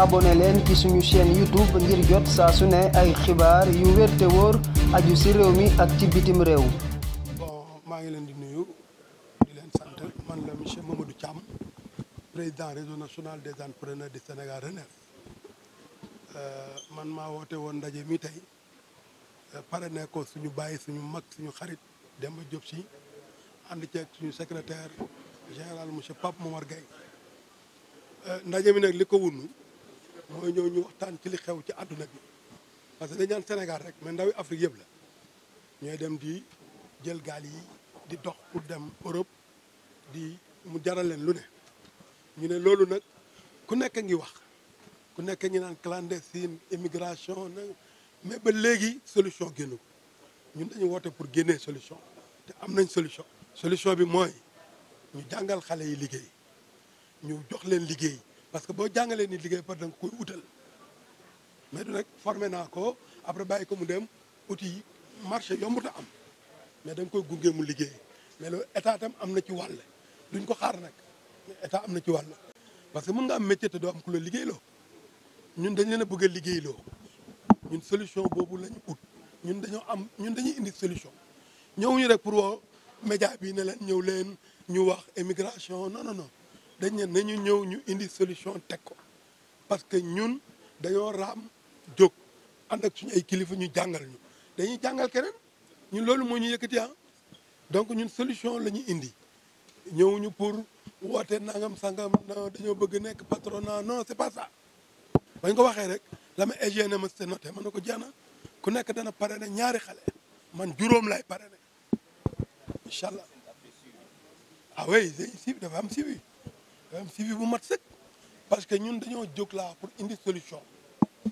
abonné leen ki suñu chaîne YouTube ngir jot saa su ne ay xibaar yu wér te wóor aju si réew mi ak ci bitim réew. bon maa ngi leen di nuyu di leen sant man la monsieur Mamadou Thiam président réseau national des entrepreneurs du Sénégal RENES euh, man maa woote woon ndaje mi tey euh, pare ne suñu bàyyi suñu mag suñu xarit dem Diop si ànd ceeg suñu secretaire général monsieur Pape Momar Gueye euh, ndaje mi nag li ko wunu mooy ñëw ñu waxtaan ci li xew ci àdduna bi parce que dañ naan Sénégal rek mais ndawi Afrique yëpp la ñooy dem di jël gaal yi di dox pour dem Europe di mu jaral leen lu ne ñu ne loolu nag ku nekk ngi wax ku nekk ngi naan clandestine immigration na mais ba léegi solution génn ko ñun dañu woote pour génnee solution te am nañ solution solution bi mooy ñu jàngal xale yi liggéey ñu jox leen liggéey parce que boo jàngalee ni liggéey par da nga koy utal mais du nag formé naa ko après bàyyi ko mu dem outil yi marché yombut a am mais da nga koy gunge mu liggéey mais loolu état tam am na ci wàll duñ ko xaar nag mais am na ci wàll. parce que mën nga am métier te doo am ku la liggéeyloo ñun dañ leen a bëgg liggéeyloo ñun solution boobu lañu ut ñun dañoo am ñun dañuy indi solution ñëw ñëwuñu rek pour woo média bii ne leen ñëw leen ñu wax émigration non non non. dañ ne nañu ñëw ñu indi solution teg ko parce que ñun dañoo raam jóg ànd ak suñu ay kilifa ñu jàngal ñu dañuy jàngal keneen ñun loolu moo ñu yëkkati ah donc ñun solution la ñu indi ñëwuñu pour woote nangam sangam non dañoo bëgg nekk patronat non c'est pas ça bañ ko waxee rek lama ma EGN ma se noté mën na ko jaana ku nekk dana pare ne ñaari xale man juróom lay pare ne incha allah ah oui dafa am suivi am suivi bu mat sëkk parce que ñun dañoo jóg laa pour indi solution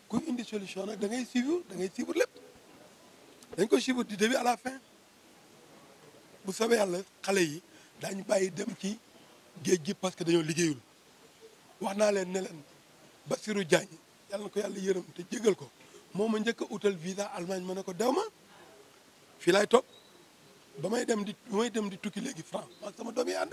ku indi solution nag da ngay suivre da ngay suivre lépp dañ ko suivre di début à la fin bu soobee yàlla xale yi daañu bàyyi dem ci géej gi parce que dañoo liggéeyul wax naa leen ne leen Basirou Diagne yàlla na ko yàlla yërëm te jégal ko moom ma njëkk a utal visa Allemagne ma ne ko dew ma fii laay toog ba may dem di ba dem di tukki léegi France maag sama doom yi ànd